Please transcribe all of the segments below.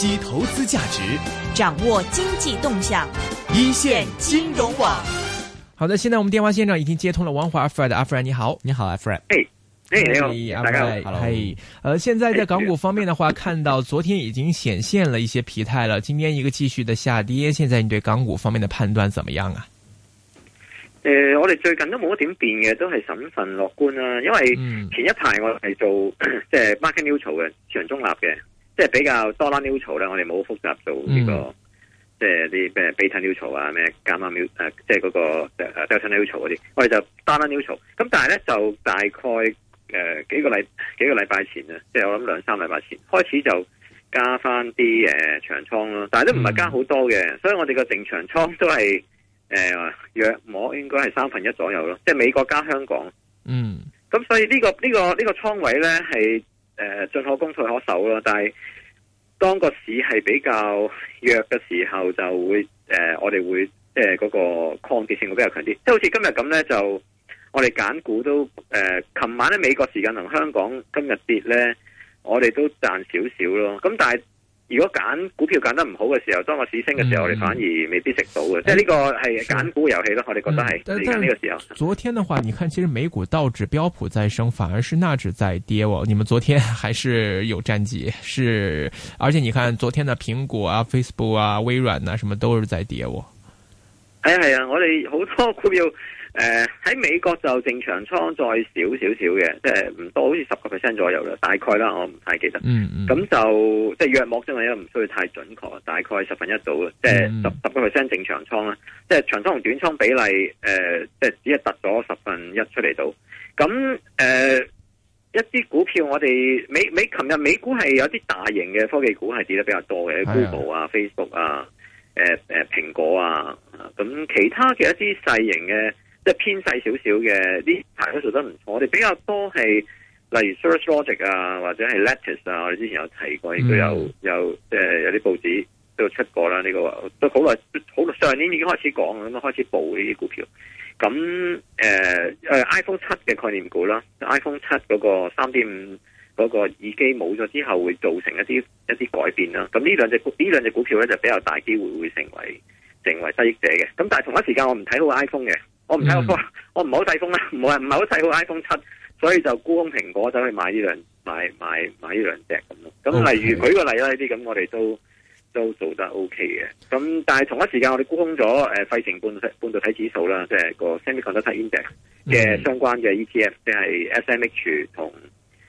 吸投資價值，掌握經濟動向，一線金融網。好的，現在我們電話線上已經接通了王華 fred 阿 fred 你好，你好 fred。哎，hey, hey, hey, 你好，hey, 大家好 hello 呃，現在在港股方面的話，看到昨天已經顯現了一些疲態了，今天一個繼續的下跌。現在你對港股方面的判斷怎麼樣啊？呃，我哋最近都冇一點變嘅，都係審慎樂觀啦、啊。因為前一排我們是做即係 market neutral 的全中立的即係比較 dollar neutral 咧，我哋冇複雜到、這、呢個，嗯、即係啲咩 beta neutral 啊，咩 gamma neutral 誒，即係嗰個誒，delta neutral 嗰啲，我哋就 dollar neutral。咁但係咧就大概誒、呃、幾個禮幾個禮拜前啊，即係我諗兩三禮拜前開始就加翻啲誒長倉咯，但係都唔係加好多嘅，嗯、所以我哋個定長倉都係誒、呃、約摸應該係三分一左右咯，即係美國加香港。嗯，咁所以、這個這個這個、倉位呢個呢個呢個倉位咧係。是誒，進可攻退可守咯，但係當個市係比較弱嘅時候，就會誒、呃，我哋會即係嗰個抗跌性會比較強啲，即係好似今日咁咧，就我哋揀股都誒，琴、呃、晚咧美國時間同香港今日跌咧，我哋都賺少少咯，咁但係。如果揀股票揀得唔好嘅時候，當個市升嘅時候，你、嗯、反而未必食到嘅，嗯、即係呢個係揀股遊戲咯，是我哋覺得係。呢但個時候，昨天的話，你看其實美股道指、標普在升，反而是納指在跌喎。你們昨天還是有戰績，是而且你看昨天的蘋果啊、Facebook 啊、微軟啊，什麼都是在跌喎。係啊係啊，我哋好多股票。誒，喺、呃、美國就正常倉再少少少嘅，即係唔多，好似十個 percent 左右啦，大概啦，我唔太記得。嗯嗯。咁、嗯、就即係約摸真嘛，就是、的因為唔需要太準確，大概十分一到嘅，即係十十個 percent 正常倉啦。即係長倉同短倉比例，誒、呃，即係只係突咗十分一出嚟到。咁誒、呃，一啲股票我哋美美琴日美股係有啲大型嘅科技股係跌得比較多嘅、嗯、，Google 啊、是的 Facebook 啊、誒誒蘋果啊，咁其他嘅一啲細型嘅。即係偏細少少嘅，呢排都做得唔錯。我哋比較多係，例如 SearchLogic 啊，或者係 Lattice 啊，我哋之前有提過，亦都有有即係、呃、有啲報紙都有出過啦。呢、這個都好耐，好上年已經開始講，咁開始報呢啲股票。咁誒誒，iPhone 七嘅概念股啦、就是、，iPhone 七嗰個三點五嗰個耳機冇咗之後，會造成一啲一啲改變啦。咁呢兩隻股呢兩隻股票咧就比較大機會會成為成為得益者嘅。咁但係同一時間我唔睇好 iPhone 嘅。我唔睇風，mm hmm. 我唔係好睇風啦，唔係唔係好睇個 iPhone 七，7, 所以就沽空蘋果就去買呢兩買買買呢兩隻咁咯。咁例如 Okay. 舉個例啦，呢啲咁我哋都都做得 OK 嘅。咁但係同一時間我哋沽空咗誒、呃、費城半半導體指數啦，即係個 Semiconductor Index 嘅相關嘅 ETF，、mm hmm. 即係 SMH 同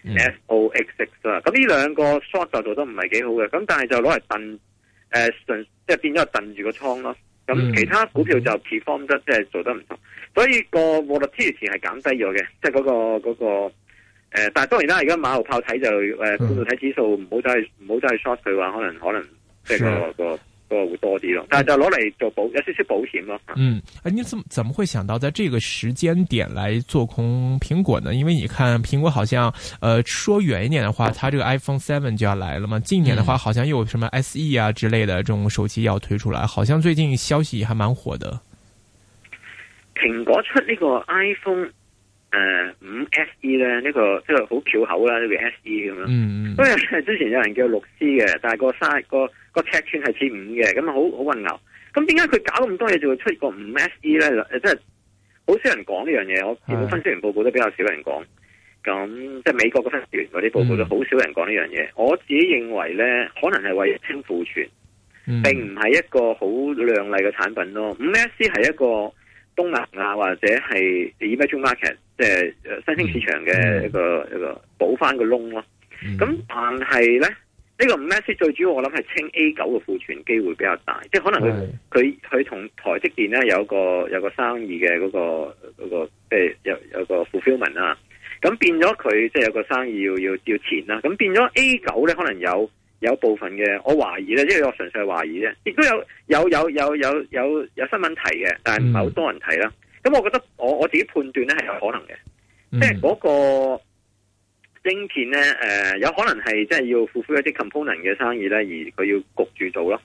SOXX 啦、mm。咁、hmm. 呢兩個 short 就做得唔係幾好嘅。咁但係就攞嚟燉誒，即係變咗係燉住個倉咯。咁、嗯、其他股票就 perform 得即係做得唔同，嗯、所以、個沃勒支持係減低咗嘅，即係嗰個嗰、嗰個誒、呃，但係當然啦，而家馬後炮睇就誒，度、呃、睇指數唔好再去唔好再去 short 佢話可能可能即係個個。都會多啲咯，但係就攞嚟做保，有少少保險咯。嗯，誒、啊，你怎麼怎麼會想到在這個時間點來做空蘋果呢？因為你看蘋果好像，呃，說遠一點的話，它這個 iPhone Seven 就要來了嘛。近點的話，好像又有什麼 SE 啊之類的這種手機要推出來，好像最近消息還蠻火的。蘋果出呢個 iPhone、呃、5呢、這個 iPhone 誒五 SE 咧，呢個即係好巧口啦，呢個 SE 咁樣。嗯嗯。因為之前有人叫六 C 嘅，但係個三個。個個個尺寸係似五嘅，咁啊好好混淆。咁點解佢搞咁多嘢，就會出個五 S E 咧？誒，即係好少人講呢樣嘢。Mm. 我見到分析員報告都比較少人講。咁即係美國嘅分析員嗰啲報告都好少人講呢樣嘢。Mm. 我自己認為咧，可能係為清庫存，並唔係一個好亮麗嘅產品咯。五 S E 係一個東南亞或者係 emerging market，即係新興市場嘅一個一個補翻個窿咯。咁但係咧。呢個五 s 最主要我諗係清 A 九嘅庫存機會比較大，即係可能佢佢佢同台積電咧有一個有一個生意嘅嗰、那個、那個呃、個 ment, 即係有有個 fulfilment l 啊，咁變咗佢即係有個生意要要要錢啦，咁變咗 A 九咧可能有有部分嘅我懷疑咧，即係我純粹係懷疑啫，亦都有有有有有有有新問提嘅，但係唔係好多人睇啦。咁、嗯、我覺得我我自己判斷咧係可能嘅，嗯、即係嗰、那個。晶片咧，誒、呃，有可能係即係要付恢一啲 component 嘅生意咧，而佢要焗住做咯。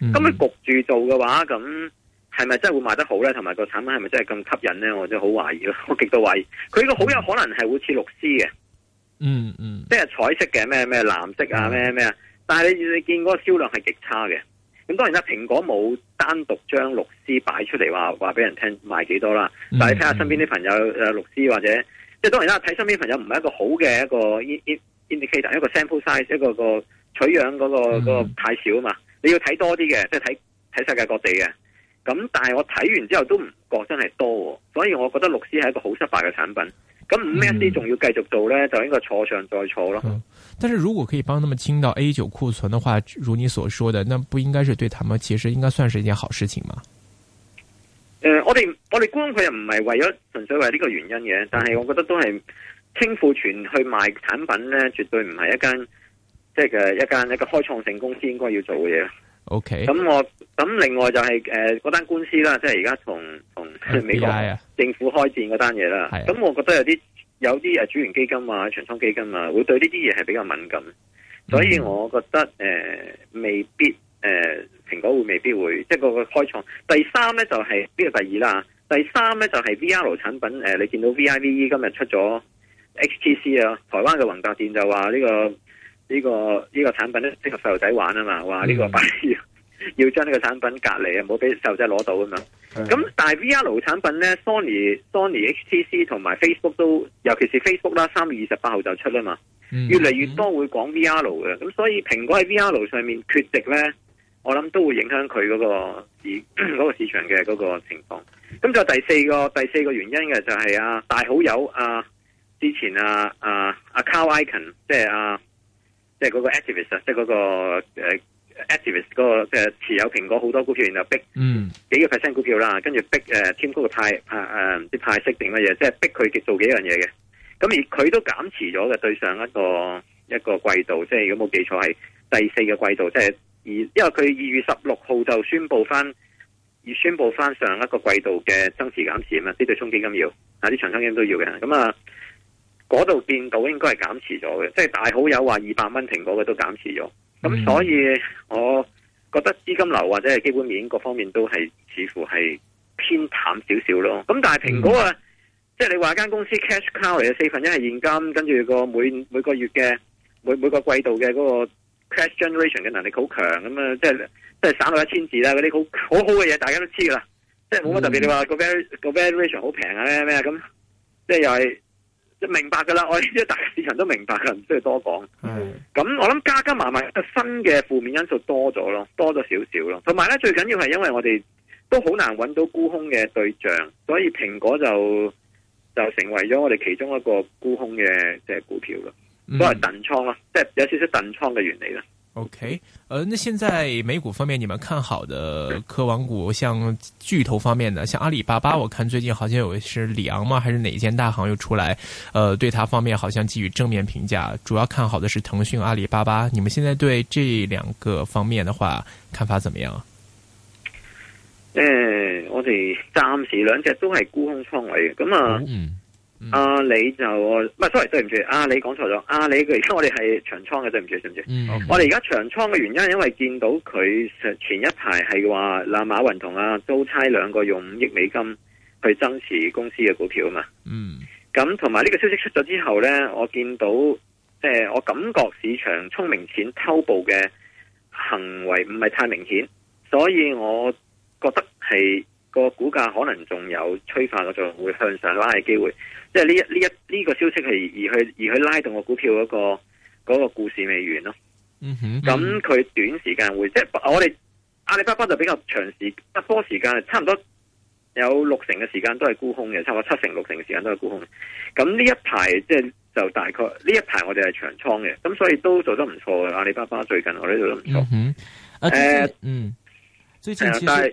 咁佢焗住做嘅話，咁係咪真係會賣得好咧？同埋，個產品係咪真係咁吸引咧？我真係好懷疑咯，我極度懷疑，佢呢個好有可能係會似綠絲嘅，嗯嗯，即係彩色嘅咩咩藍色啊咩咩啊。但係你你見嗰個銷量係極差嘅。咁當然啦，蘋果冇單獨將綠絲擺出嚟，話話俾人聽賣幾多啦。但係你睇下身邊啲朋友誒綠絲或者。即係當然啦，睇身邊朋友唔係一個好嘅、一個 indicator，一個 sample size，一個一個取樣嗰、那個個、嗯、太少啊嘛。你要睇多啲嘅，即係睇睇世界各地嘅。咁但係我睇完之後都唔覺真係多，所以我覺得綠絲係一個好失敗嘅產品。咁五咩 c 仲要繼續做咧，嗯、就應該錯上再錯咯、嗯。但是如果可以幫他們清到 A 九庫存嘅話，如你所說的，那不應該是對他們其實應該算是一件好事情嗎？誒、呃，我哋我哋觀佢又唔係為咗純粹為呢個原因嘅，但係我覺得都係清庫存去賣產品咧，絕對唔係一間即係一間一個開創性公司應該要做嘅嘢。O K. 咁我咁另外就係誒嗰單官司啦，即係而家同美國政府開戰嗰單嘢啦。咁 Yeah. Yeah. 我覺得有啲有啲誒主權基金啊、長倉基金啊，會對呢啲嘢係比較敏感，所以我覺得誒、mm. 呃、未必誒。呃蘋果會未必會，即係個個開創。第三咧就係呢個第二啦。第三咧就係、是、V R 產品。誒、呃，你見到 VIVE 今日出咗 H T C 啊，台灣嘅宏達電就話呢、這個呢、這個呢、這個產品咧適合細路仔玩啊嘛，話呢、嗯、個要將呢個產品隔離啊，唔好俾細路仔攞到咁嘛。咁、嗯、但係 V R 產品咧，Sony Sony H T C 同埋 Facebook 都，尤其是 Facebook 啦，三月二十八號就出啦嘛，嗯、越嚟越多會講 V R 嘅。咁所以蘋果喺 V R 上面缺席咧。我諗都會影響佢嗰、嗰個市、 嗰個市場嘅嗰個情況。咁就第四個第四個原因嘅就係啊大好友啊之前啊啊 icon, 即啊 Carl Icahn 即係啊即係嗰、嗰個、呃、activist、嗰個、即係嗰個誒 activist 嗰個即係持有蘋果好多股票，然後逼嗯幾個 percent 股票啦，跟住逼誒添高個派誒啲派息定乜嘢，即係逼佢做幾樣嘢嘅。咁而佢都減持咗嘅，對上一個一個季度，即係如果冇記錯係第四個季度，即係。而因為佢二月十六號就宣布翻，而宣布翻上一個季度嘅增持減持啊，啲對沖基金要，金要啊啲長生基金都要嘅，咁啊嗰度變到應該係減持咗嘅，即係大好友話二百蚊蘋果嘅都減持咗，咁所以我覺得資金流或者係基本面各方面都係似乎係偏淡少少咯，咁但係蘋果啊，即係你話間公司 cash cow 嚟嘅四分一係現金，跟住個每每個月嘅每每個季度嘅嗰個。Cash generation 嘅能力好強咁啊，即係即係省到一千字啦，嗰啲好好好嘅嘢大家都知噶啦，即係冇乜特別。你話個 valuation 好平啊咩咩咁，即係又係明白噶啦，我呢啲大市場都明白嘅，唔需要多講。咁的我諗加加埋埋新嘅負面因素多咗咯，多咗少少咯。同埋咧，最緊要係因為我哋都好難揾到沽空嘅對象，所以蘋果就就成為咗我哋其中一個沽空嘅即係股票咯。都係等倉咯，嗯、即係有少少等倉嘅原理啦。OK，呃那現在美股方面，你們看好的科網股，像巨頭方面嘅，像阿里巴巴，我看最近好像有是里昂嘛，還是哪一間大行又出來，呃對它方面好像給予正面評價，主要看好的是騰訊、阿里巴巴。你們現在對這兩個方面的話，看法怎麼樣？誒、呃，我哋暫時兩隻都係沽空倉位嘅，咁啊。嗯嗯阿、嗯啊、你就唔係，sorry，對唔住，阿、啊、你講錯咗，阿、啊、你而家我哋係長倉嘅，對唔住，對唔住，我哋而家長倉嘅原因，因為見、嗯、到佢上前一排係話嗱，馬雲同阿都差兩個用五億美金去增持公司嘅股票啊嘛，咁同埋呢個消息出咗之後呢，我見到即、呃、我感覺市場聰明錢偷步嘅行為唔係太明顯，所以我覺得係。個股價可能仲有催化，個仲會向上拉嘅機會，即係呢一呢一呢、呢個消息係而去而去拉動個股票嗰、嗰個、嗰個故事，未完咯。咁佢、嗯、哼短時間會、嗯、哼即係我哋阿里巴巴就比較長時多時間，差唔多有六成嘅時間都係沽空嘅，差唔多七成六成嘅時間都係沽空。咁呢一排即係就大概呢一排我哋係長倉嘅，咁所以都做得唔錯嘅。阿里巴巴最近我呢度都唔錯。誒、嗯，啊欸、嗯，但係。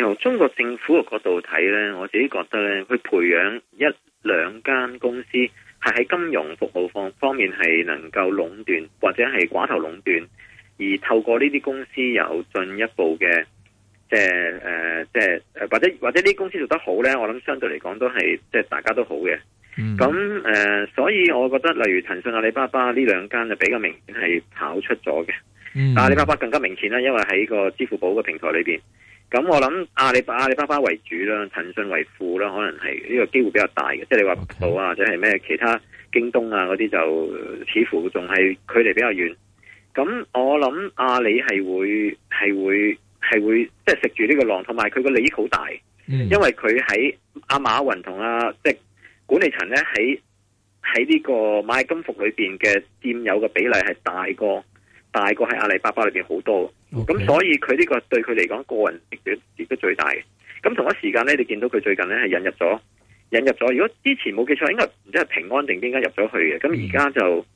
由中國政府嘅角度睇呢，我自己覺得呢，去培養一兩間公司，係喺金融服務方方面係能夠壟斷或者係寡頭壟斷，而透過呢啲公司有進一步嘅，即係即或者或者呢啲公司做得好呢，我諗相對嚟講都係即係大家都好嘅。咁、嗯呃、所以我覺得例如騰訊、阿里巴巴呢兩間就比較明顯係跑出咗嘅，嗯、但阿里巴巴更加明顯啦，因為喺個支付寶嘅平台裏面。咁、嗯、我諗阿里阿里巴巴為主啦，騰訊為輔啦，可能係呢個機會比較大嘅。即係你話寶啊，或者係咩其他京東啊嗰啲就似乎仲係距離比較遠。咁、嗯、我諗阿里係會係會係會即係食住呢個浪，同埋佢個利益好大，mm. 因為佢喺阿馬雲同阿即管理層咧喺喺呢個螞蟻金服裏邊嘅佔有嘅比例係大過大過喺阿里巴巴裏邊好多。咁 Okay.、嗯、所以佢呢個對佢嚟講個人亦都最大嘅。咁同一時間咧，你見到佢最近咧係引入咗，引入咗。如果之前冇記錯，應該唔知係平安定邊間入咗去嘅。咁而家就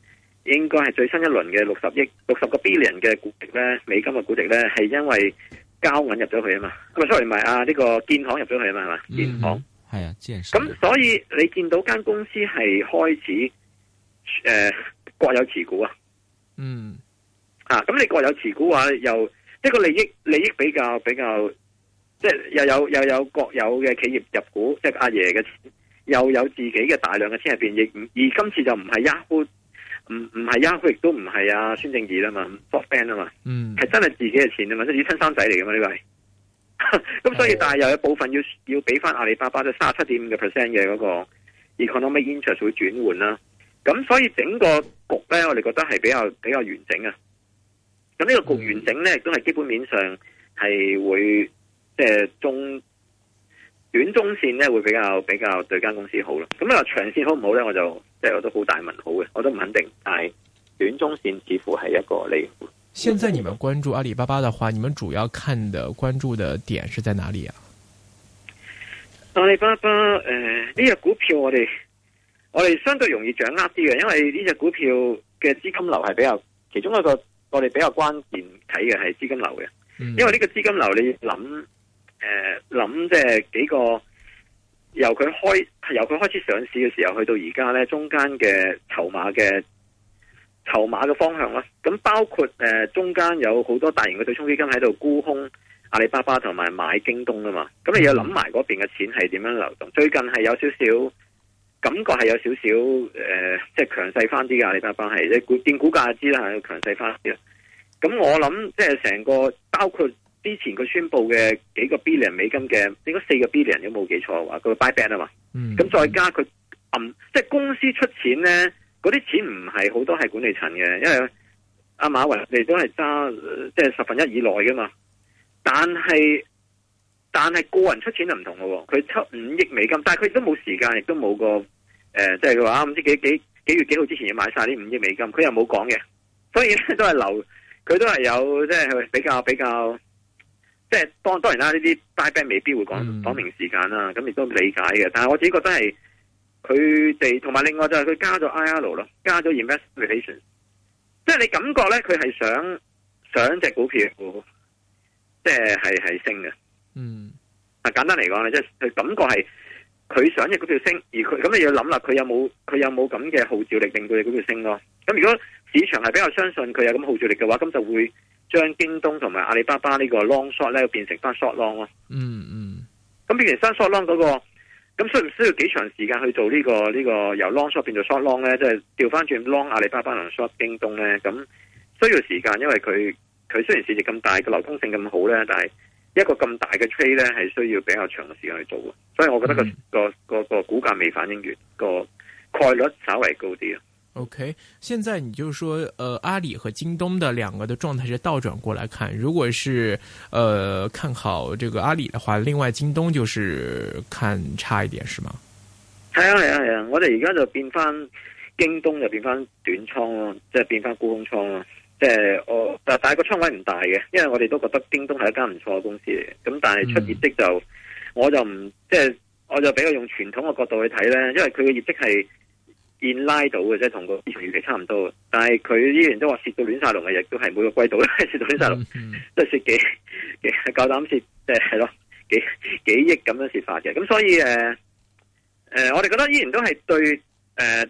應該係最新一輪嘅六十億、六十個 billion 嘅估值咧，美金嘅估值咧，係因為交銀入咗去啊嘛。咁啊，sorry，唔係啊，呢、這個建行入咗去啊嘛，係嘛？建行係啊，咁、mm hmm. 所以你見到間公司係開始誒、呃、國有持股啊。嗯、mm。Hmm. 咁、啊、你國有持股話又即係個利益利益比較比較，即係又有又有國有嘅企業入股，即係阿爺嘅錢，又有自己嘅大量嘅錢入邊，亦而今次就唔係 Yahoo，唔唔係 Yahoo 亦都唔係啊，孫正義啦嘛 SoftBank 啊嘛，係係、嗯、真係自己嘅錢啊嘛，即係你親生仔嚟噶嘛呢個，咁 所以、嗯、但係又有部分要要俾翻阿里巴巴嘅三十七點五嘅 percent 嘅嗰個 economic interest 會轉換啦，咁所以整個局咧，我哋覺得係比較比較完整啊。咁呢個局完整咧，都係基本面上係會即係中短中線咧，會比較比較對間公司好咯。咁啊長線好唔好咧？我就即係我都好大問號嘅，我都唔肯定。但係短中線似乎係一個利好。現在你們關注阿里巴巴的話，你們主要看的，關注的點是在哪裡啊？阿里巴巴誒，呢隻股票我哋我哋相對容易掌握啲嘅，因為呢隻股票嘅資金流係比較其中一個。我哋比較關鍵睇嘅係資金流嘅，因為呢個資金流你諗，誒諗即係幾個由佢開由佢開始上市嘅時候去到而家呢，中間嘅籌碼嘅籌碼嘅方向啦。咁包括誒、呃、中間有好多大型嘅對沖基金喺度沽空阿里巴巴同埋買京東啊嘛。咁你要諗埋嗰邊嘅錢係點樣流動？最近係有少少。感覺係有少少誒，即係強勢翻啲嘅，你睇翻係，你見股價知啦，係強勢翻啲啦。咁我諗，即係成個包括之前佢宣布嘅幾個 billion 美金嘅，應該四個 billion 有冇記錯話，佢 buy back 啊嘛。咁、嗯、再加佢暗，嗯嗯、即係公司出錢咧，嗰啲錢唔係好多係管理層嘅，因為阿、啊、馬雲你都係揸即係十分一以內噶嘛，但係。但係個人出錢就唔同喎，佢出五億美金，但係佢都冇時間，亦都冇個誒，即係佢話唔知幾幾幾月幾號之前要買晒呢五億美金，佢又冇講嘅。所以呢都係留，佢都係有即係比較比較，即係、就是、當當然啦，呢啲 buyback 未必會講講明時間啦。咁亦都理解嘅，但係我自己覺得係佢哋同埋另外就係佢加咗 I.R. 咯，加咗 investor relations，即係你感覺咧佢係想想隻股票，即係係係升嘅。嗯，啊，簡單嚟講，即係佢感覺係佢想嘅嗰條升，而佢咁你要諗啦，佢有冇佢有冇咁嘅號召力令到佢嗰條升咯、啊？咁如果市場係比較相信佢有咁嘅號召力嘅話，咁就會將京東同埋阿里巴巴呢個 long short 咧變成翻、啊、short long 咯。嗯嗯，咁變完翻 short long 嗰、嗰個，咁需唔需要幾長時間去做呢、呢個呢、呢個由 long short 變做 short long 咧？即係調翻轉 long 阿里巴巴同 short 京東咧？咁需要時間，因為佢佢雖然市值咁大，個流通性咁好咧，但係。一個咁大嘅 trade 咧，係需要比較長嘅時間去做啊，所以我覺得個、嗯、個個，個股價未反映完，個概率稍微高啲啊。OK，現在你就說，呃，阿里和京東的兩個的狀態是倒轉過來看，如果是呃看好這個阿里的話，另外京東就是看差一點，是嗎？係啊係啊係啊，我哋而家就變翻京東就變翻短倉啦，即係變翻沽空倉啦。即係我，但係個倉位唔大嘅，因為我哋都覺得京東係一間唔錯嘅公司嚟嘅。咁但係出業績就，我就唔即係，我就比較用傳統嘅角度去睇咧，因為佢嘅業績係 in line 嘅，即係同個預期差唔多。但係佢依然都話蝕到亂晒龍嘅，亦都係每個季度咧蝕到亂晒龍， 都係蝕幾幾夠膽蝕，即係係咯幾幾億咁樣蝕法嘅。咁所以誒誒、呃呃，我哋覺得依然都係對誒。呃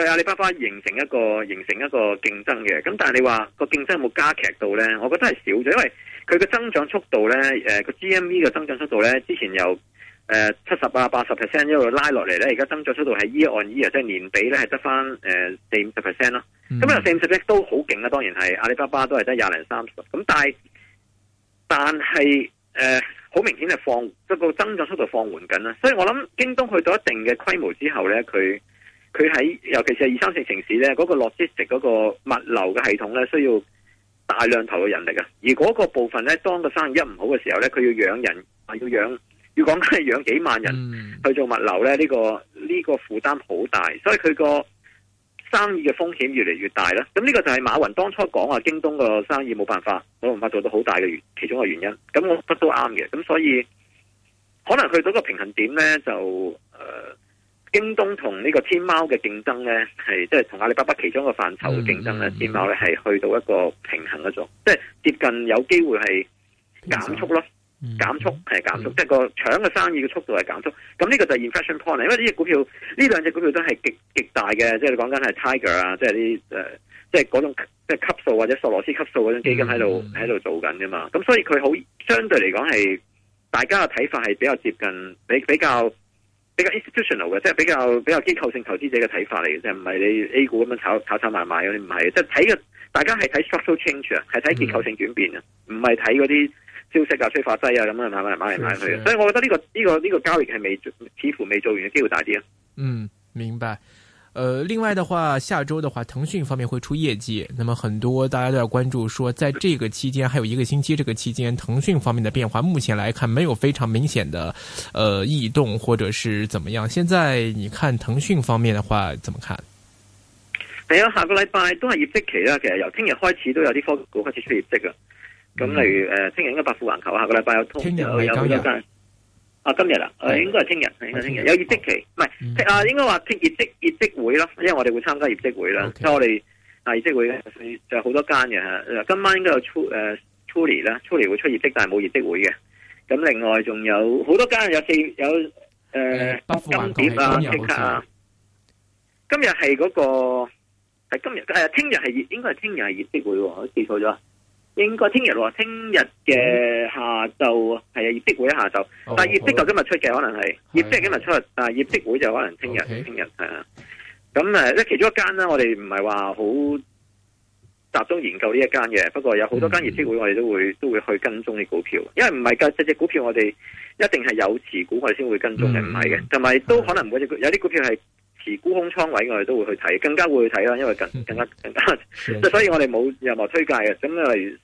對阿里巴巴形成一個形成一個競爭嘅。咁但係你話個競爭有冇加劇到咧？我覺得係少咗，因為佢嘅增長速度咧，誒、呃、個 GMV 嘅增長速度咧，之前由誒七十啊八十 percent 一路拉落嚟咧，而家增長速度係 year on year 啊，即係年底咧係得翻誒四五十 percent 咯。咁有四五十 percent 都好勁啊，當然係阿里巴巴都係得廿零三十。咁、嗯、但係但係誒，好、呃、明顯係放即個、就是、增長速度放緩緊啦。所以我諗京東去到一定嘅規模之後咧，佢。佢喺尤其是係二三線城市呢，嗰、那個 logistics 嗰個物流嘅系統呢，需要大量投入人力啊！而嗰個部分呢，當個生意一唔好嘅時候呢，佢要養人，要養，要講緊係養幾萬人去做物流呢呢、這個呢、這個負擔好大，所以佢個生意嘅風險越嚟越大啦。咁呢個就係馬雲當初講話京東個生意冇辦法，冇辦法做到好大嘅其中嘅原因。咁我覺得都啱嘅。咁所以可能佢嗰個平衡點呢，就誒。呃京東同呢個天貓嘅競爭咧，係即係同阿里巴巴其中一個範疇嘅競爭咧，mm hmm. 天貓咧係去到一個平衡嗰種，即係接近有機會係減速咯，減速係減速，速 mm hmm. 即係個搶嘅生意嘅速度係減速。咁呢個就係 inflection point 因為呢隻股票，呢兩隻股票都係極極大嘅，即係你講緊係 tiger 啊，即係啲誒，即係嗰種即係級數或者索羅斯級數嗰種基金喺度喺度做緊噶嘛。咁所以佢好相對嚟講係，大家嘅睇法係比較接近，比比較。比較 institutional 嘅，即係比較比較機構性投資者嘅睇法嚟嘅，即係唔係你 A 股咁樣炒炒炒埋埋嘅，你唔係，即係睇個大家係睇 structural change 啊，係睇結構性轉變啊，唔係睇嗰啲消息啊、催化劑啊咁樣係咪買嚟買去？是是所以我覺得呢個呢個呢個交易係未似乎未做完嘅機會大啲啊。嗯，明白。呃，另外的話，下周的話，騰訊方面會出業績，那麼很多大家都要關注說，說在這個期間還有一個星期，這個期間騰訊方面的變化，目前來看沒有非常明顯的，呃，異動或者是怎麼樣。現在你看騰訊方面的話，怎麼看？係啊，下個禮拜都係業績期啦，其實由聽日開始都有啲科股開始出業績啦。咁、嗯、例如，誒、呃，聽日應該百富環球，下個禮拜有通啊，今日啦、啊嗯，應該係聽日，應該聽日有業績期，唔係啊，是嗯、應該話聽業績業績會咯，因為我哋會參加業績會啦。咁 okay. 我哋啊業績會就好多間嘅，今晚應該有初誒初年啦，初年會出業績，但係冇業績會嘅。咁另外仲有好多間有四有誒、呃、金蝶啊，即刻啊，像今日係嗰個係今日，係聽日，係應該係聽日係業績會、喎，我記錯咗。應該聽日喎，聽日嘅下晝係啊業績會一下晝，哦、但係業績就今日出嘅，可能係的業績今日出，的但係業績會就可能聽日，聽日係啊。咁誒，即其中一間呢，我哋唔係話好集中研究呢一間嘅，不過有好多間業績會，會，我哋都會都會去跟蹤啲股票，因為唔係噶，只只股票我哋一定係有持股，我哋先會跟蹤嘅，唔係嘅，同埋都可能每隻、嗯、有啲股票係。持沽空倉位，我哋都會去睇，更加會去睇啦，因為更更加更加，即係 所以我哋冇任何推介嘅。咁例如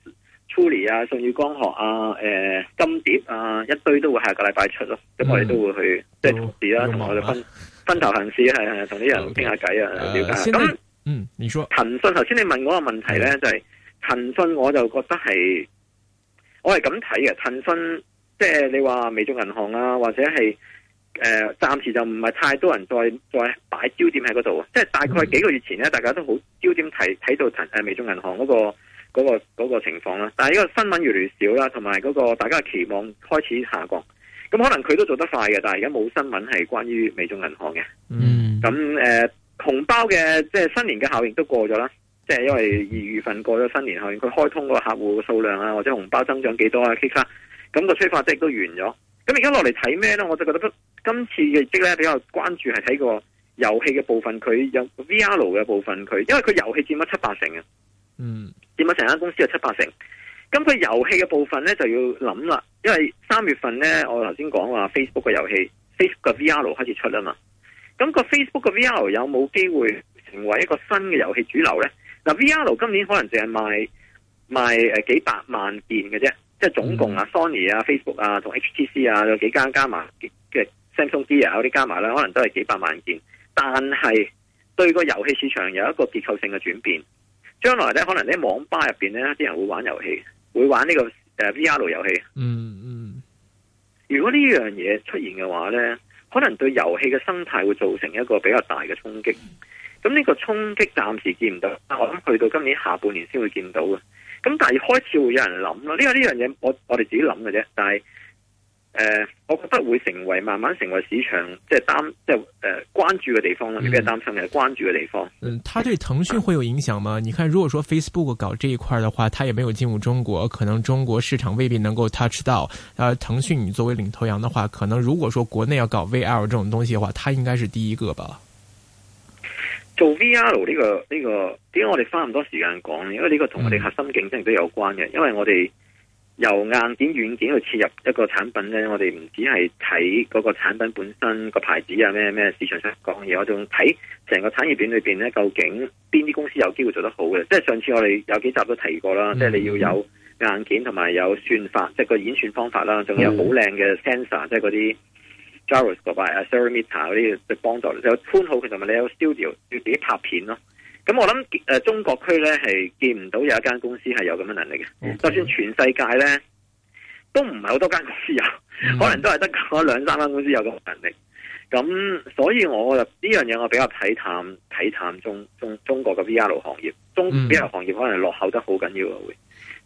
信利啊、舜宇光學啊、誒、呃、金蝶啊，一堆都會下個禮拜出咯。咁、嗯、我哋都會去即係同事啦，同埋、啊、我哋分分頭行事，係係同啲人傾下偈啊，Okay. 了解。下、uh, 那。咁嗯，你說騰訊頭先你問我個問題咧，就係騰訊，我就覺得係我係咁睇嘅騰訊，即係你話微眾銀行啊，或者係。誒，暫、呃、時就唔係太多人再再擺焦點喺嗰度啊。即係大概幾個月前咧，大家都好焦點睇睇到誒，微眾銀行嗰、那個嗰、那個嗰、那個情況啦。但係呢個新聞越嚟越少啦，同埋嗰個大家嘅期望開始下降。咁可能佢都做得快嘅，但係而家冇新聞係關於微眾銀行嘅。嗯，咁誒、呃，紅包嘅即係新年嘅效應都過咗啦。即係因為二月份過咗新年效應，佢開通個客戶數量啊，或者紅包增長幾多啊，K 卡，咁、那個催化劑都完咗。咁而家落嚟睇咩呢？我就覺得今次嘅業績咧，比較關注係睇個遊戲嘅部分，佢有 VR 嘅部分，佢因為佢遊戲佔咗七八成嘅，嗯，佔咗成間公司嘅七八成。咁佢遊戲嘅部分呢，就要諗啦，因為三月份呢，我頭先講話 Facebook 嘅遊戲，Facebook 嘅 VR 開始出啦嘛。咁個 Facebook 嘅 VR 有冇機會成為一個新嘅遊戲主流呢？嗱，VR 今年可能淨係賣賣幾百萬件嘅啫。即係總共啊，Sony、嗯、啊、Facebook 啊、同 HTC 啊，有幾間加埋即係 Samsung Gear 嗰、啊、啲加埋啦，可能都係幾百萬件。但係對個遊戲市場有一個結構性嘅轉變，將來咧可能呢網吧入邊咧啲人會玩遊戲，會玩呢、這個誒、uh, VR 遊戲、嗯。嗯嗯。如果呢樣嘢出現嘅話咧，可能對遊戲嘅生態會造成一個比較大嘅衝擊。咁呢個衝擊暫時見唔到，我諗去到今年下半年先會見到嘅。咁但係開始會有人諗啦，呢個呢樣嘢我我哋自己諗嘅啫，但係誒、呃，我覺得會成為慢慢成為市場即係擔即係、呃、誒關注嘅地方你比較擔心嘅關注嘅地方？地方嗯，他對騰訊會有影響嗎？你看，如果說 Facebook 搞這一塊嘅話，他也沒有進入中國，可能中國市場未必能夠 touch 到。啊，騰訊你作為領頭羊的話，可能如果說國內要搞 VR 這種東西嘅話，他應該是第一個吧。做 V R 呢、呢個呢、呢個點解我哋花咁多時間講咧？因為呢個同我哋核心競爭亦都有關嘅。因為我哋由硬件、軟件去切入一個產品咧，我哋唔止係睇嗰個產品本身個牌子啊，咩咩市場上講嘢，我仲睇成個產業鏈裏邊咧，究竟邊啲公司有機會做得好嘅。即係上次我哋有幾集都提過啦，mm hmm. 即係你要有硬件同埋有算法，即係個演算方法啦，仲有好靚嘅 sensor，即係嗰啲。Jarvis 嗰班啊，Sarimita 嗰啲都幫助你有寬好佢同埋你有 studio 要自己拍片咯。咁我諗誒，中國區咧係見唔到有一間公司係有咁嘅能力嘅。Okay. 就算全世界咧，都唔係好多間公司有，mm. 可能都係得嗰兩三間公司有咁嘅能力。咁所以我就呢樣嘢我比較睇淡，睇淡中中中國嘅 VR 路行業，中、mm. VR 路行業可能落後得好緊要嘅會。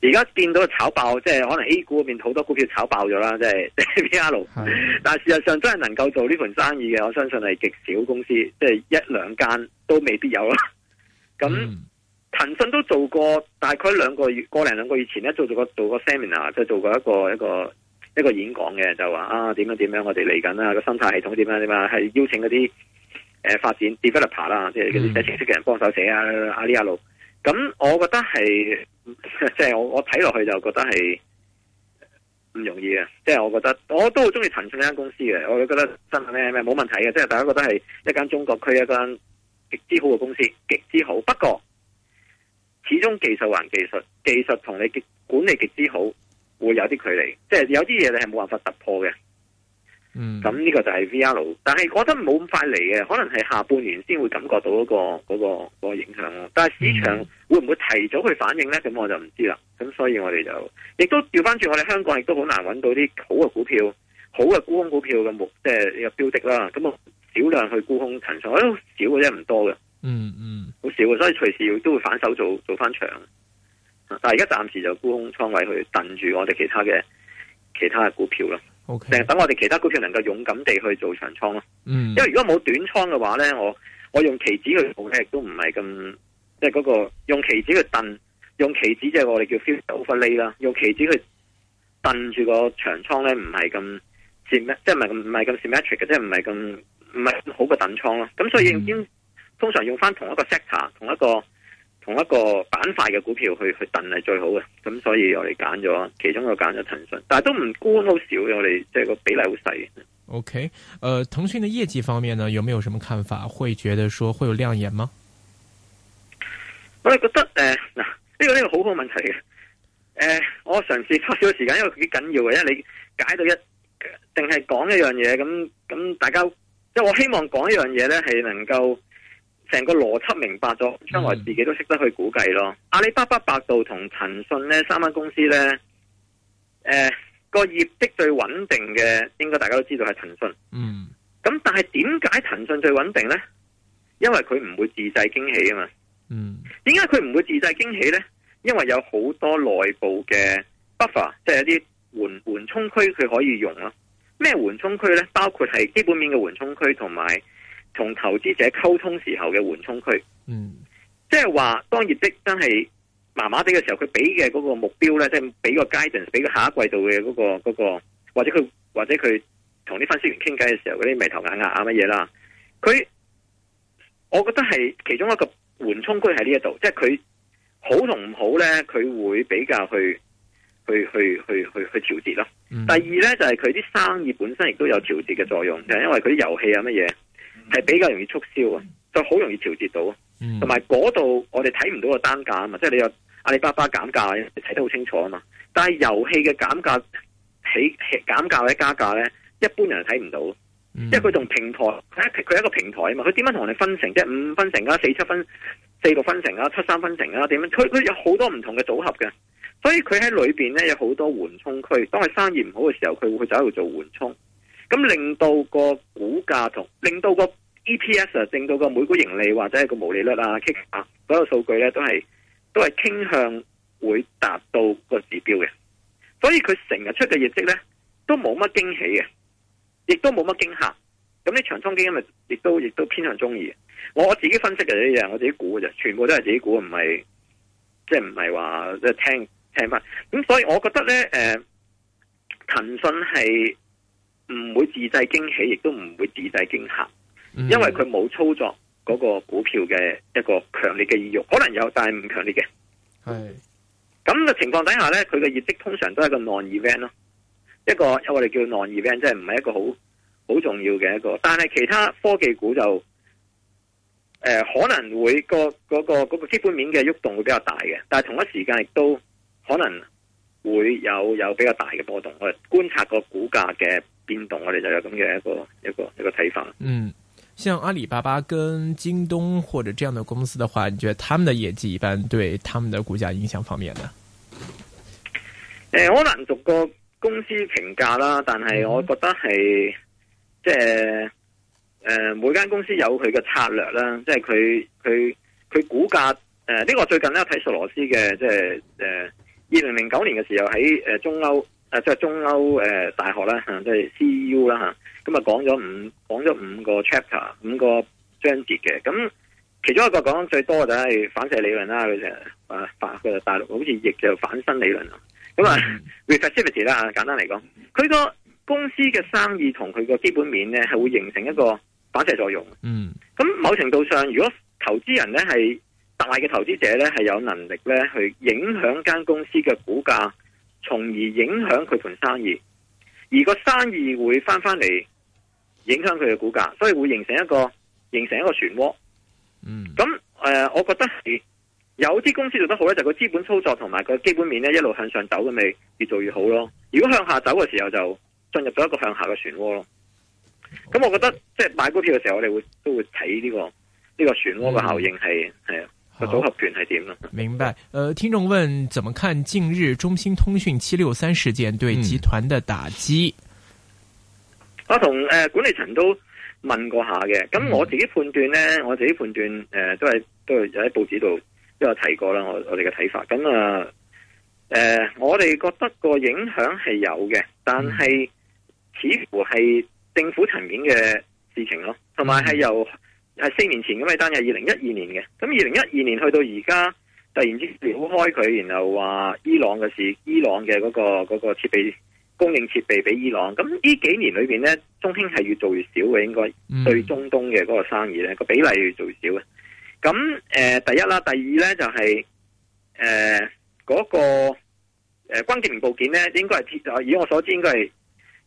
而家見到炒爆，即係可能 A 股入邊好多股票炒爆咗啦，即係 VR。的但係事實上真係能夠做呢盤生意嘅，我相信係極少公司，即、就、係、是、一兩間都未必有啦。咁騰訊都做過，大概兩個月、個零兩個月前咧，做咗個做個 seminar，即係做過一個一個一個演講嘅，就話啊點樣點樣我們來，我哋嚟緊啦，個生態系統點樣點樣，係邀請嗰啲誒發展 developer 啦、嗯，即係嗰啲寫程式嘅人幫手寫啊阿李亞路。咁、啊啊啊啊啊啊、我覺得係。即係 我我睇落去就覺得係唔容易啊！即係我覺得我都好中意騰訊呢間公司嘅，我會覺得真係咩咩冇問題嘅，即係大家覺得係一間中國區一間極之好嘅公司，極之好。不過始終技術還技術，技術同你極管理極之好會有啲距離，即係有啲嘢你係冇辦法突破嘅。嗯，咁呢個就係 VR，但係覺得冇咁快嚟嘅，可能係下半年先會感覺到嗰個嗰個嗰個影響咯。但係市場會唔會提早去反應咧？咁我就唔知啦。咁所以我哋就亦都調翻轉我哋香港，亦都好難揾到啲好嘅股票、好嘅沽空股票嘅目，即係呢個標的啦。咁我少量去沽空陳倉，我都少嘅啫，唔多嘅。嗯嗯，好少嘅，所以隨時都會反手做做翻場。但係而家暫時就沽空倉位去燉住我哋其他嘅其他嘅股票咯。淨係等我哋其他股票能夠勇敢地去做長倉咯，嗯，因為如果冇短倉嘅話咧，我我用期指去做咧，亦都唔係咁，即係嗰個用期指去燉，用期指即係我哋叫 futures overlay 啦，用期指去燉住個長倉咧，唔係咁 symmetric，即係唔係唔係咁 symmetric 嘅，即係唔係咁唔係好嘅等倉咯，咁、嗯、所以已經通常用翻同一個 sector，同一個。同一個板塊嘅股票去去燉係最好嘅，咁所以我哋揀咗，其中一個揀咗騰訊，但係都唔孤，好少、嗯、我哋即係個比例好細嘅。OK，誒，騰訊嘅業績方面呢，有冇有什麼看法？會覺得說會有亮眼嗎？我哋覺得誒，嗱、這個，呢、這個呢個好好問題嘅，誒、呃，我嘗試多少時間，因為幾緊要嘅，因為你解到一，一定係講一樣嘢，咁、嗯、咁、嗯、大家，即係我希望講一樣嘢咧，係能夠。成個邏輯明白咗，將來自己都識得去估計咯。Mm. 阿里巴巴、百度同騰訊呢三間公司呢個、呃、業績最穩定嘅，應該大家都知道係騰訊。嗯。咁但係點解騰訊最穩定呢？因為佢唔會自製驚喜啊嘛。嗯。點解佢唔會自製驚喜呢？因為有好多內部嘅 buffer，即係一啲緩緩衝區，佢可以用咯、啊。咩緩衝區呢？包括係基本面嘅緩衝區同埋。同投資者溝通時候嘅緩衝區，嗯，即係話當業績真係麻麻地嘅時候，佢俾嘅嗰個目標咧，即係俾個 guidance，俾個下一季度嘅嗰個嗰個，或者佢或者佢同啲分析員傾偈嘅時候嗰啲眉頭眼額乜嘢啦，佢我覺得係其中一個緩衝區喺呢一度，即係佢好同唔好咧，佢會比較去去去去去去調節咯。嗯、第二咧就係佢啲生意本身亦都有調節嘅作用，就係、嗯、因為佢啲遊戲啊乜嘢。係比較容易促銷啊，就好容易調節到啊，同埋嗰度我哋睇唔到個單價啊嘛，即係你有阿里巴巴減價你睇得好清楚啊嘛。但係遊戲嘅減價起減價或者加價咧，一般人係睇唔到，嗯、因為佢同平台佢一個一個平台啊嘛，佢點樣同人分成即係五分成啊，四七分、四六分成啊，七三分成啊，點樣？佢佢有好多唔同嘅組合嘅，所以佢喺裏面咧有好多緩衝區。當係生意唔好嘅時候，佢會走喺度做緩衝，咁令到個股價同令到、個。E.P.S. 啊，令到個每股盈利或者係個毛利率啊、K. 啊所有數據咧，都係都係傾向會達到個指標嘅，所以佢成日出嘅業績咧都冇乜驚喜嘅，亦都冇乜驚嚇。咁呢長倉基金咪亦都亦都偏向中意。我我自己分析嘅呢啲我自己估嘅就全部都係自己估，唔係即係唔係話即係聽聽翻。咁所以我覺得咧，誒、呃，騰訊係唔會自製驚喜，亦都唔會自製驚嚇。因為佢冇操作嗰個股票嘅一個強烈嘅意欲，可能有，但係唔強烈嘅。係咁嘅情況底下咧，佢嘅業績通常都係個 non-event 咯，一個我哋叫 non-event，即係唔係一個好好重要嘅一個。但係其他科技股就誒、呃，可能會個個個個、個基本面嘅喐動、動會比較大嘅，但係同一時間亦都可能會有有比較大嘅波動。我哋觀察個股價嘅變動，我哋就有咁嘅一個一個一個睇法。嗯。像阿里巴巴跟京東或者這樣的公司的話，你覺得他們的業績一般對他們的股價影響方面呢？誒、呃，我可能讀過公司評價啦，但係我覺得係、嗯、即係誒、呃、每間公司有佢嘅策略啦，即係佢佢佢股價誒呢、呃這個最近咧睇索羅斯嘅即係誒二零零九年嘅時候喺誒中歐誒即係中歐誒、呃、大學啦吓即係 CEU 啦吓。咁啊，講咗五講咗五個 chapter，五個章節嘅。咁其中一個講最多嘅就係反射理論啦，佢就是、啊，就是大陸好似亦就反身理論咁啊 reciprocity 啦，mm hmm. 簡單嚟講，佢個公司嘅生意同佢個基本面咧係會形成一個反射作用。嗯、mm，咁、hmm. 某程度上，如果投資人咧係大嘅投資者咧係有能力咧去影響間公司嘅股價，從而影響佢盤生意。而個生意會翻翻嚟影響佢嘅股價，所以會形成一個形成一個漩渦。嗯，咁、呃、誒，我覺得係有啲公司做得好咧，就係個資本操作同埋個基本面咧一路向上走，咁咪越做越好咯。如果向下走嘅時候，就進入到一個向下嘅漩渦咯。咁的我覺得即係買股票嘅時候，我哋會都會睇呢個呢個漩渦嘅效應係係啊。嗯嗯個組合團係點啊？明白，誒、呃，聽眾問，怎麼看近日中興通訊七六三事件對集團的打擊？嗯、我同誒、呃、管理層都問過下嘅，咁我自己判斷呢，我自己判斷，誒、呃，都係都係有喺報紙度都有提過啦，我我哋嘅睇法，咁、呃、啊，誒、呃，我哋覺得個影響係有嘅，但係似乎係政府層面嘅事情咯，同埋係由。嗯係四年前咁咪單日二零一二年嘅。咁二零一二年去到而家，突然之間撩開佢，然後話伊朗嘅事，伊朗嘅嗰、那個嗰、那個設備供應設備俾伊朗。咁呢幾年裏邊咧，中興係越做越少嘅，應該對中東嘅嗰個生意咧個、嗯、比例越做越少。咁誒、呃，第一啦，第二咧就係誒嗰個誒、呃、關鍵零部件咧，應該係鐵。以我所知應該是，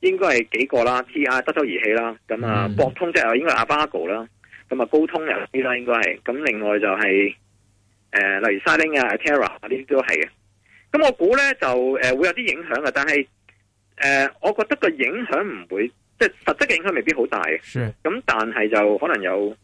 應該係應該係幾個啦，T I 德州儀器啦，咁啊、嗯、博通即係應該係阿巴古啦。咁啊，高通有啲啦，應該係咁。另外就係、是、誒、呃，例如沙丁啊、Terra 呢啲都係嘅。咁我估咧就誒、呃、會有啲影響嘅，但係誒、呃，我覺得個影響唔會即係實質嘅影響未必好大嘅。咁的但係就可能有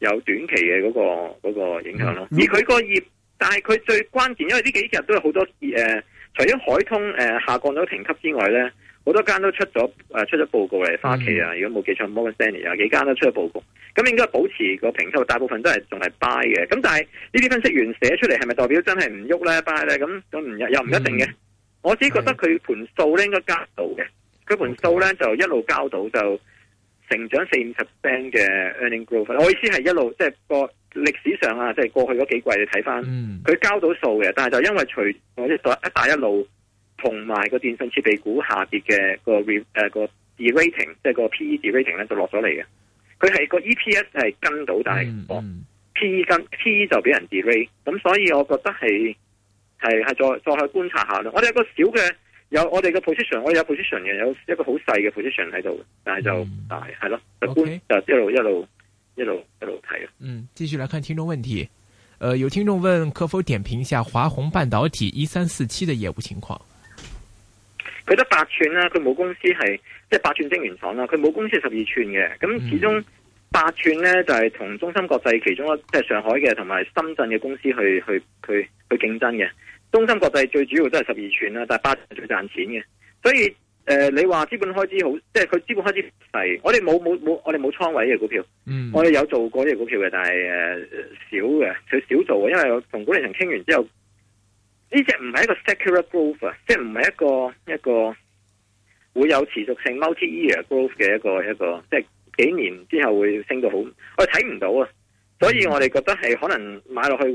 有短期嘅嗰、那個、那個影響咯。的而佢個業，但係佢最關鍵，因為呢幾日都有好多事誒、呃，除咗海通誒、呃、下降咗評級之外咧。好多間都出咗誒、啊，出咗報告嚟，花旗啊，如果冇記錯、嗯、，Morgan Stanley 啊，幾間都出咗報告，咁應該保持個評級，大部分都係仲係 buy 嘅。咁但係呢啲分析員寫出嚟係咪代表真係唔喐咧、buy 咧？咁唔又唔一定嘅。嗯、我只覺得佢盤數咧應該交到嘅，佢盤數咧就一路交到就成長四五十 percent 嘅 earning growth。我意思係一路即係、就是、個歷史上啊，即、就、係、是、過去嗰幾季你睇翻，佢、嗯、交到數嘅，但係就因為隨我哋大一帶一路。同埋個電信設備股下跌嘅、呃、個 r 誒個 de-rating 即係個 P E de-rating 咧就落咗嚟嘅，佢係個 E P S 係跟到，但係 P 跟、嗯、P 就俾人 de-rate，咁所以我覺得係係係再再去觀察下咯。我哋有個小嘅有我哋嘅 position，我有 position 嘅有一個好細嘅 position 喺度，但係就唔大係咯，就觀 okay. 就一路一路一路一路睇。嗯，繼續來看聽眾問題，誒、呃，有聽眾問可否點評一下華虹半導體一三四七嘅業務情況？佢得八寸啦，佢冇公司係即係八寸晶圓廠啦，佢冇公司係十二寸嘅。咁始終八寸咧就係同中芯國際其中一即係、就是、上海嘅同埋深圳嘅公司去去去去競爭嘅。中芯國際最主要都係十二寸啦，但係八寸最賺錢嘅。所以誒、呃，你話資本開支好，即係佢資本開支細，我哋冇冇冇，我哋冇倉位嘅股票。嗯，我哋有做過呢隻股票嘅，但係誒、呃、少嘅，佢少做，嘅，因為同管理層傾完之後。呢隻唔係一個 secular growth 啊，即係唔係一個一個會有持續性 multi-year growth 嘅一個一個，即係幾年之後會升到好，我哋睇唔到啊，所以我哋覺得係可能買落去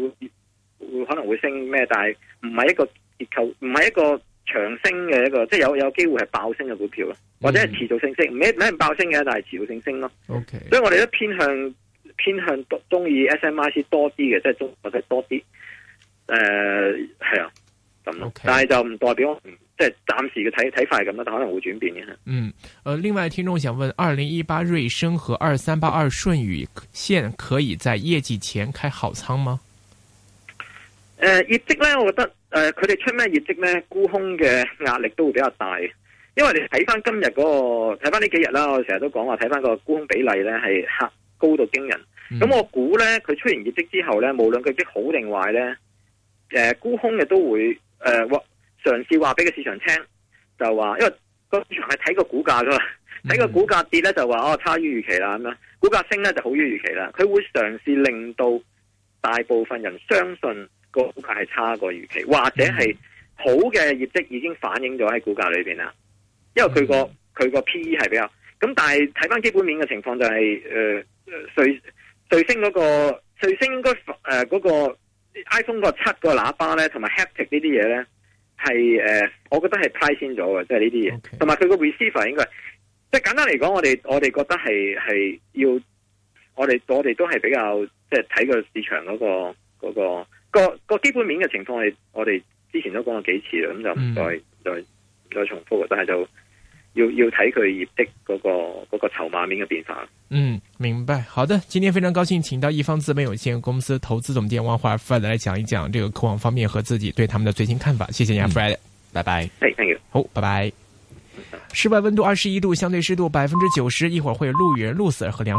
會會可能會升咩，但係唔係一個結構，唔係一個長升嘅一個，即係有有機會係爆升嘅股票啊，或者係持續性升，唔係爆升嘅，但係持續性升咯。O Okay . K，所以我哋都偏向偏向中中意 S M I C 多啲嘅，即係中或者多啲。誒，係、呃、啊，咁咯，Okay. 但係就唔代表我，即係暫時嘅睇睇法係咁啦，但可能會轉變嘅。嗯，誒、呃，另外聽眾想問：二零一八瑞聲和二三八二舜宇現可以在業績前開好倉嗎？誒、呃，業績咧，我覺得誒，佢、呃、哋出咩業績咧，沽空嘅壓力都會比較大，因為你睇翻今日嗰、那個睇翻呢幾日啦，我成日都講話睇翻個沽空比例咧係吓高到驚人，咁、嗯、我估咧佢出完業績之後咧，無論佢業績好定壞咧。誒、呃，沽空亦都會誒，嘗試話俾個市場聽，就話因為個市場係睇個股價噶嘛，睇個、哦、股價跌咧就話哦差於預期啦，咁樣股價升咧就好於預期啦。佢會嘗試令到大部分人相信個股價係差過預期，或者係好嘅業績已經反映咗喺股價裏邊啦。因為佢、那個佢個 PE 係比較咁，但係睇返基本面嘅情況就係、是、誒、呃，瑞瑞星嗰、那個瑞星應該誒嗰個。呃那個 iPhone 嗰個七嗰個喇叭咧，同埋 haptic 呢啲嘢咧，係誒、呃，我覺得係 price 先咗嘅、就是 Okay.，即係呢啲嘢，同埋佢個 receiver 應該，即係簡單嚟講，我哋我哋覺得係係要，我哋我哋都係比較即係睇個市場嗰、嗰個嗰、嗰個、嗰個、嗰個基本面嘅情況係，我哋之前都講過幾次啦，咁就唔再再再重複，但係就。要要睇佢業績嗰、那個嗰、那個籌碼面嘅變化。嗯，明白。好的，今天非常高興，請到易方資本有限公司投資總監王華 Fred 來講一講這個科網方面和自己對他們的最新看法。謝謝你，Fred，啊、嗯、拜拜。Hey, thank you。好，拜拜。嗯、室外温度二十一度，相對濕度百分之九十，一會兒會有露雨露水和涼。